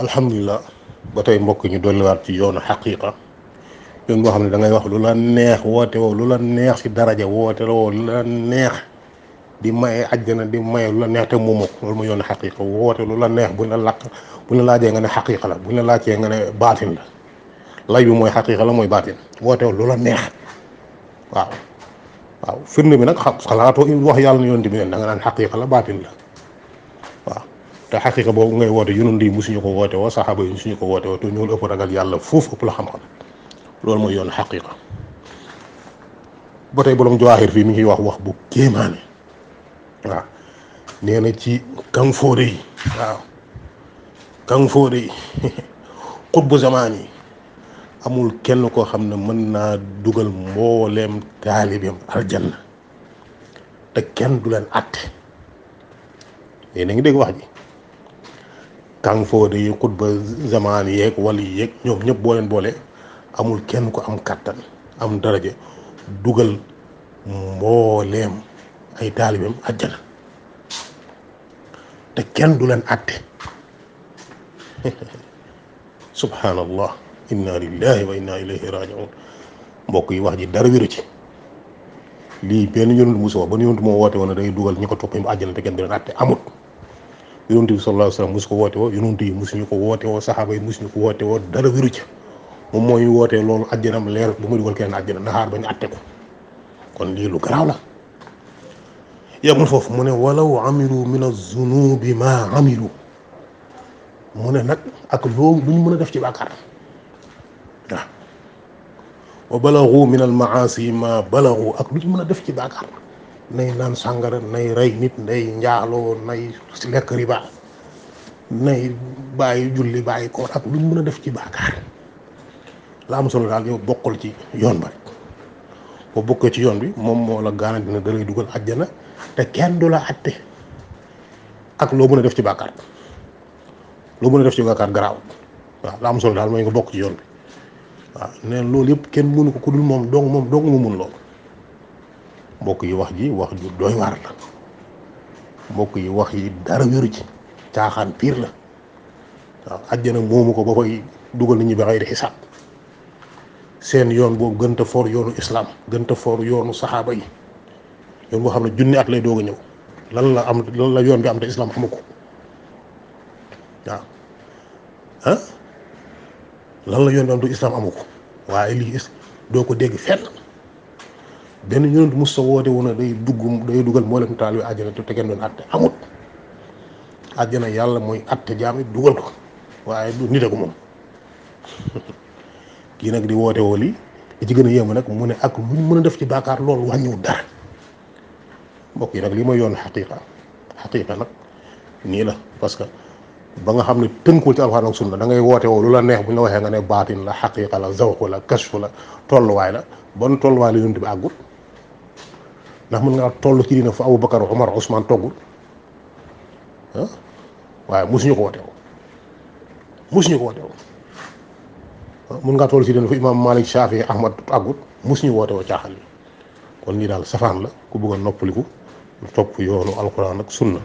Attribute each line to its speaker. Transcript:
Speaker 1: alhamdulilah ba tey mbokk ñu dolliwaat ci yoonu xaqiqa yoon boo xam ne da ngay wax lu la neex woote woo lu la neex si daraja woote la woo lu la neex di maye àjjana di maye lu la neex te moomoo ko loolu mooy yoonu xaqiqa woote lu la neex buñ la lakk buñ la laajee nga ne xaqiqa la buñ la laajee nga ne baatin la lay bi mooy xaqiqa la mooy baatin woote woo lu la neex waaw waaw firnde bi nag xalaatoo wax yàlla na yoon di bi da nga naan xaqiqa la baatin la te xaqiqa boobu ngay woote yunun di musuñu ko woote woo saxaaba yi musuñu ko woote woo te ñoo ëpp ragal yàlla foofu ëpp la xam-xam loolu mooy yoon xaqiqa ba tey borom jawaaxir fii mi ngi wax wax bu kéemaane waaw na ci kan fóode yi waaw amul kenn koo xam ne mën naa dugal mbooleem taalibeem kenn du leen atte léegi ngi dégg wax ji kàng fóode yi xutba zamaan yeeg wali yeeg ñoom ñëpp boo leen boole amul kenn ko am kàttan am daraja dugal mbooleem ay taalibeem àjjana te kenn du leen àtte subhanallah inna lillahi wa inna ilayhi rajiun mbokk yi wax ji dara wiru ci lii benn yonent musu wax ba nu yonent moo woote woon dugal ñi ko topp mu àjjana te kenn du amut yonent bi sallallahu alayhi wasallam musu wote wo woo yonent yi musuñu ko wote wo sahaba yi musuñu ko wote wo dara wiru ci moom mooy wootee loolu àjjanam leer bu mu dugal ken àjjana naxaar ba ñu atte ko kon li lu graw la ya mu fofu mu ne wa amilu min az-zunubi ma amilu mu ne nag ak lo lu mëna def ci bakkar wa balaghu min al-ma'asi ma balaghu ak lu mëna def ci bakkar nay naan sàngara nay rey nit nay njaaloo nay lekk riba nay bàyyi julli bàyyi koor ak lu mu mën a def ci baakaar la am solo daal yow ci yoon ba rek ci yoon bi moom moo la garanti ne da lay dugal te kenn du la àtte ak loo mën a def ci baakaar loo mën def ci baakaar garaaw waaw la am solo daal mooy nga bokk ci yoon bi waaw neen loolu yëpp kenn mënu ko ku dul moom dong moom dong mu mun loolu mbokk yi wax ji wax ju dooy waar la mbokk yi wax yi dara wéru ci caaxaan piir la waaw àjjana moomu ko ba koy dugal nit ñi ba xayri xisaab seen yoon boobu gën a foor yoonu islaam gën foor yoonu saxaaba yi yoon boo xam ne junni at lay doog a ñëw lan la am lan la yoon bi am te islaam amu ko waaw ah la yoon bi lii doo ko dégg fenn benn yonent mos sa woote wu ne day dugg day dugal mboolem taal yu àjjana te kenn doon atte amut àjjana yàlla mooy atte jaam dugal ko waaye du nit ko moom kii nag di woote woo lii li ci gën mu yéeme nag mu ne ak lu ñu mën a def ci baakaar loolu wàññiwul dara mbokk yi nag lii mooy yoon xaqiqa xaqiqa nag nii la parce que ba nga xam ne tënkul ci alxuraan ak sunna da ngay woote woo lu la neex bu ñu la waxee nga ne baatin la xaqiqa la zawq la kashfu la tolluwaay la ban tolluwaay la yonent bi ndax mën ngaa toll ci dina fa Abu Bakar Omar Ousmane toggul ah waaye mosuñu ko woteew mosuñu ko woteew ah, mën ngaa toll ci dina fa imaam Malik Shafi Ahmad àggut mosuñu wootewoo caaxaan yi kon lii daal safaan la ku bëgg a noppaliku topp yoonu alquran ak sunna